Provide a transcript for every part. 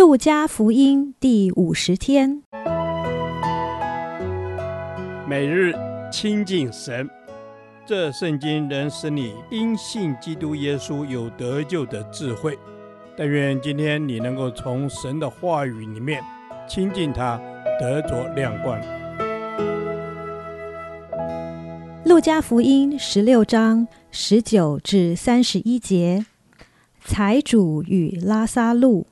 路加福音第五十天，每日親近神，這聖經能使你因信基督耶穌有得救的智慧。但願今天你能夠從神的話語裡面親近他，得着亮光。路加福音十六章十九至三十一節：財主與拉撒路。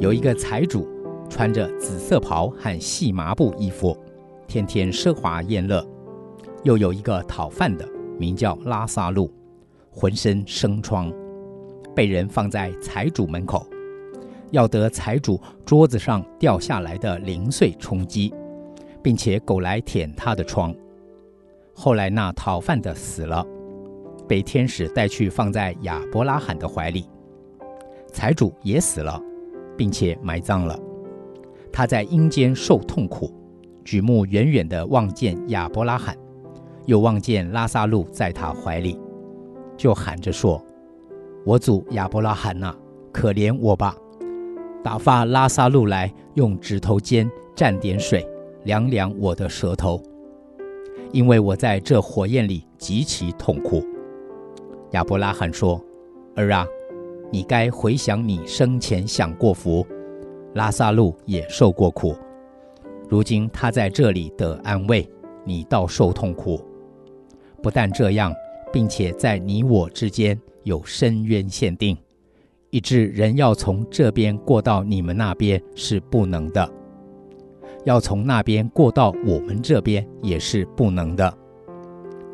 有一個財主，穿着紫色袍和細麻布衣服，天天奢華宴樂。又有一個討飯的，名叫拉撒路，渾身生瘡，被人放在財主門口，要得財主桌子上掉下來的零碎充飢，並且狗來舔他的瘡。後來那討飯的死了，被天使帶去放在亞伯拉罕的懷裡。財主也死了。並且埋葬了，他在陰間受痛苦，舉目遠遠的望見亞伯拉罕，又望見拉撒路在他懷裡，就喊着說：“我祖亞伯拉罕吶、啊，可憐我吧，打發拉撒路來，用指頭尖蘸點水，涼涼我的舌頭，因為我在這火焰裡極其痛苦。”亞伯拉罕說：“兒啊。”你該回想你生前享過福，拉撒路也受過苦。如今他在這裡得安慰，你倒受痛苦。不但這樣，並且在你我之間有深淵限定，以致人要從這邊過到你們那邊是不能的，要從那邊過到我們這邊也是不能的。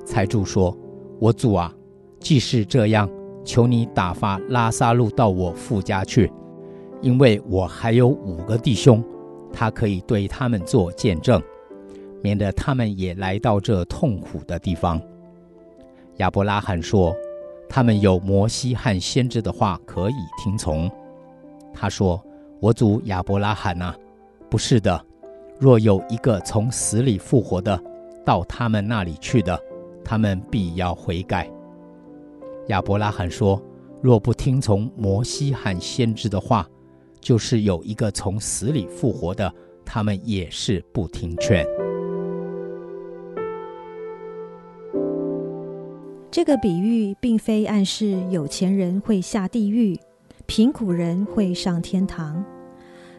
財主說：“我祖啊，既是這樣。”求你打發拉撒路到我父家去，因為我還有五個弟兄，他可以對他們做見證，免得他們也來到這痛苦的地方。亞伯拉罕說：“他們有摩西和先知的話可以聽從。”他說：“我祖亞伯拉罕吶、啊，不是的，若有一個從死裡復活的到他們那裡去的，他們必要悔改。”亞伯拉罕說：“若不聽從摩西和先知的話，就是有一個從死裡復活的，他們也是不聽勸。”這個比喻並非暗示有錢人會下地獄，貧苦人會上天堂。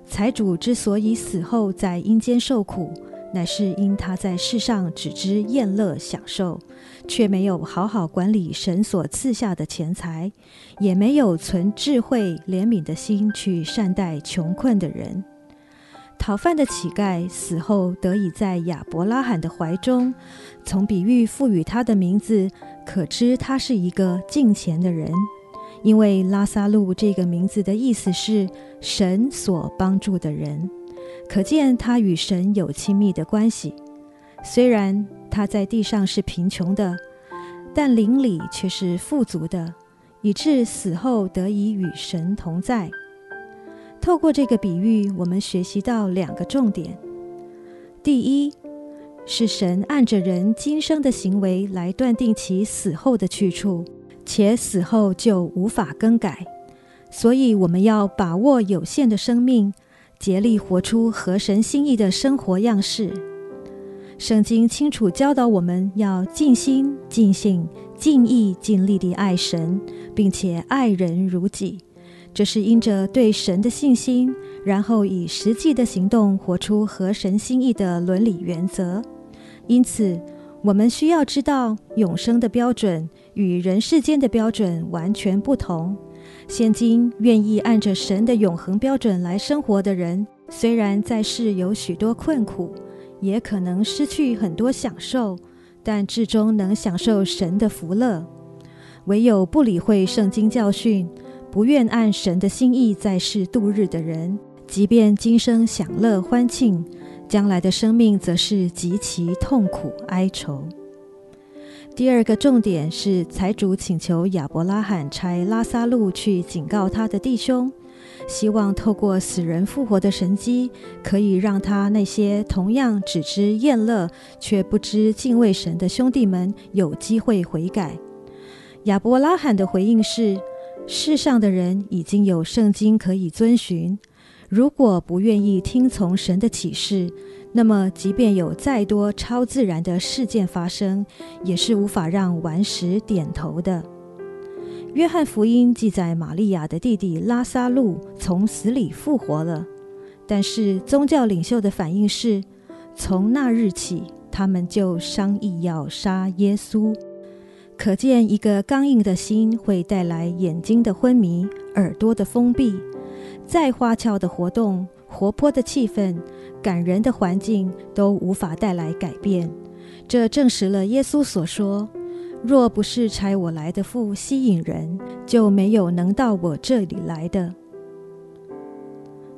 財主之所以死後在陰間受苦，乃是因他在世上只知宴樂享受，卻沒有好好管理神所賜下的錢財，也沒有存智慧憐憫的心去善待窮困的人。討飯的乞丐死後得以在亞伯拉罕的懷中，從比喻賦予他的名字可知，他是一個敬虔的人，因為拉撒路這個名字的意思是神所幫助的人。可見他與神有親密的關係，雖然他在地上是貧窮的，但靈裡卻是富足的，以致死後得以與神同在。透過這個比喻，我們學習到兩個重點：第一，是神按着人今生的行為來斷定其死後的去處，且死後就無法更改。所以我們要把握有限的生命。竭力活出合神心意的生活樣式。聖經清楚教導我們要盡心、盡性、盡意、盡力地愛神，並且愛人如己。這是因着對神的信心，然後以實際的行動活出合神心意的倫理原則。因此，我們需要知道永生的標準與人世間的標準完全不同。現今願意按着神的永恆標準來生活的人，雖然在世有許多困苦，也可能失去很多享受，但至終能享受神的福樂。唯有不理會聖經教訓，不願按神的心意在世度日的人，即便今生享樂歡慶，將來的生命則是極其痛苦哀愁。第二個重點是，財主請求亞伯拉罕差拉撒路去警告他的弟兄，希望透過死人復活的神跡，可以讓他那些同樣只知宴樂卻不知敬畏神的兄弟們有機會悔改。亞伯拉罕的回應是：世上的人已經有聖經可以遵循，如果不願意聽從神的啟示，那麼，即便有再多超自然的事件發生，也是無法讓頑石點頭的。約翰福音記載，瑪利亞的弟弟拉撒路從死裡復活了，但是宗教領袖的反應是：從那日起，他們就商議要殺耶穌。可見，一個剛硬的心會帶來眼睛的昏迷、耳朵的封閉，再花俏的活動。活潑的氣氛、感人的環境都無法帶來改變。這證實了耶穌所說：“若不是差我來的父吸引人，就沒有能到我這裡來的。”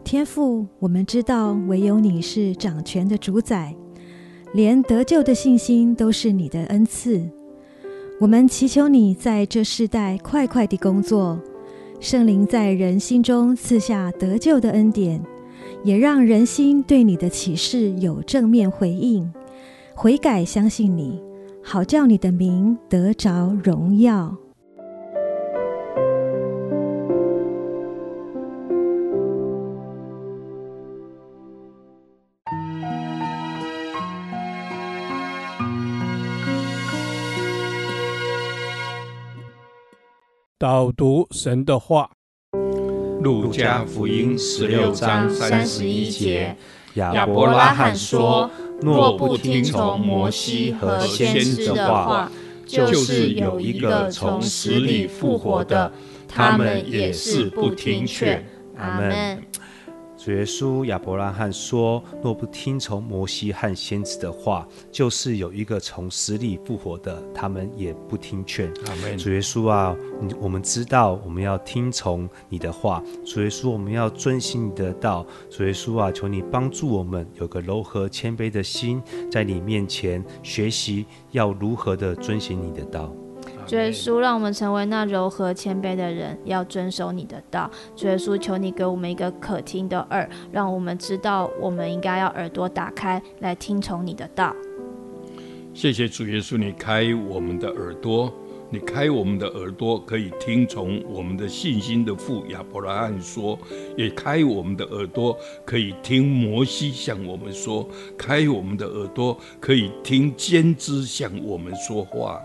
天父，我們知道唯有你是掌權的主宰，連得救的信心都是你的恩賜。我們祈求你在這世代快快地工作，聖靈在人心中賜下得救的恩典。也讓人心對你的啟示有正面回應，悔改相信你，好叫你的名得着榮耀。導讀神的話。路加福音十六章三十一節，亞伯拉罕說：“若不聽從摩西和先知的話，就是有一個從死裡復活的，他們也是不聽勸。”阿門。主耶穌，亞伯拉罕說：“若不聽從摩西和先知的話，就是有一個從死裡復活的，他們也不聽勸。”主耶穌啊，我們知道我們要聽從你的話，主耶穌，我們要遵行你的道。主耶穌啊，求你幫助我們有個柔和謙卑的心，在你面前學習要如何的遵行你的道。主耶穌，讓我們成為那柔和謙卑的人，要遵守你的道。主耶穌，求你給我們一個可聽的耳，讓我們知道我們應該要耳朵打開來聽從你的道。謝謝主耶穌，你開我們的耳朵。你開我們的耳朵，可以聽從我們的信心的父亞伯拉罕說；也開我們的耳朵，可以聽摩西向我們說；開我們的耳朵，可以聽先知向我們說話。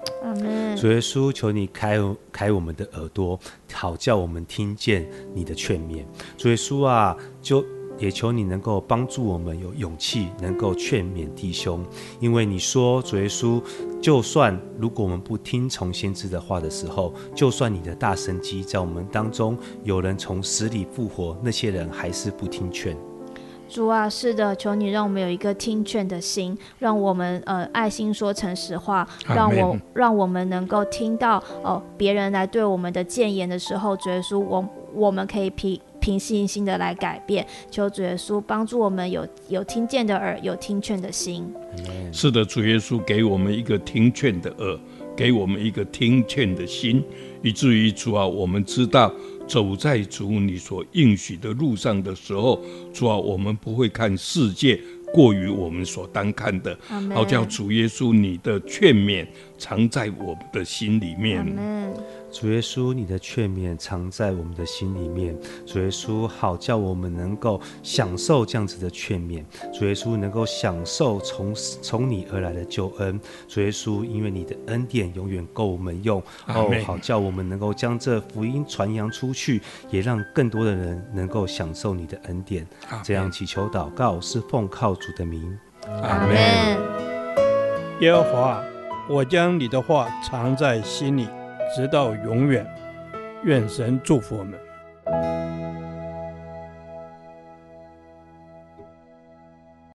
主耶穌，求你開開我們的耳朵，好叫我們聽見你的勸勉。主耶穌啊，就也求你能夠幫助我們有勇氣，能夠勸勉弟兄，因為你說，主耶穌。就算如果我們不聽從先知的話的時候，就算你的大神蹟在我們當中有人從死裡復活，那些人還是不聽勸。主啊，是的，求你讓我們有一個聽勸的心，讓我們呃愛心說誠實話，讓我讓我們能夠聽到哦、呃、別人來對我們的諫言的時候，覺得說我我們可以批。憑信心的來改變，求主耶穌幫助我們有有聽見的耳，有聽勸的心，Amen。是的，主耶穌給我們一個聽勸的耳，給我們一個聽勸的心，以至於主啊，我們知道走在主你所應許的路上的時候，主啊，我們不會看世界過於我們所當看的。好，叫主耶穌你的勸勉藏在我們的心裡面。Amen 主耶穌，你的勸勉藏在我們的心裡面。主耶穌，好叫我們能夠享受這樣子的勸勉。主耶穌，能夠享受從從你而來的救恩。主耶穌，因為你的恩典永遠夠我們用。哦，好叫我們能夠將這福音傳揚出去，也讓更多的人能夠享受你的恩典。這樣祈求禱告，告是奉靠主的名。阿門。耶和華、啊，我將你的話藏在心裡。直到永遠，願神祝福我們。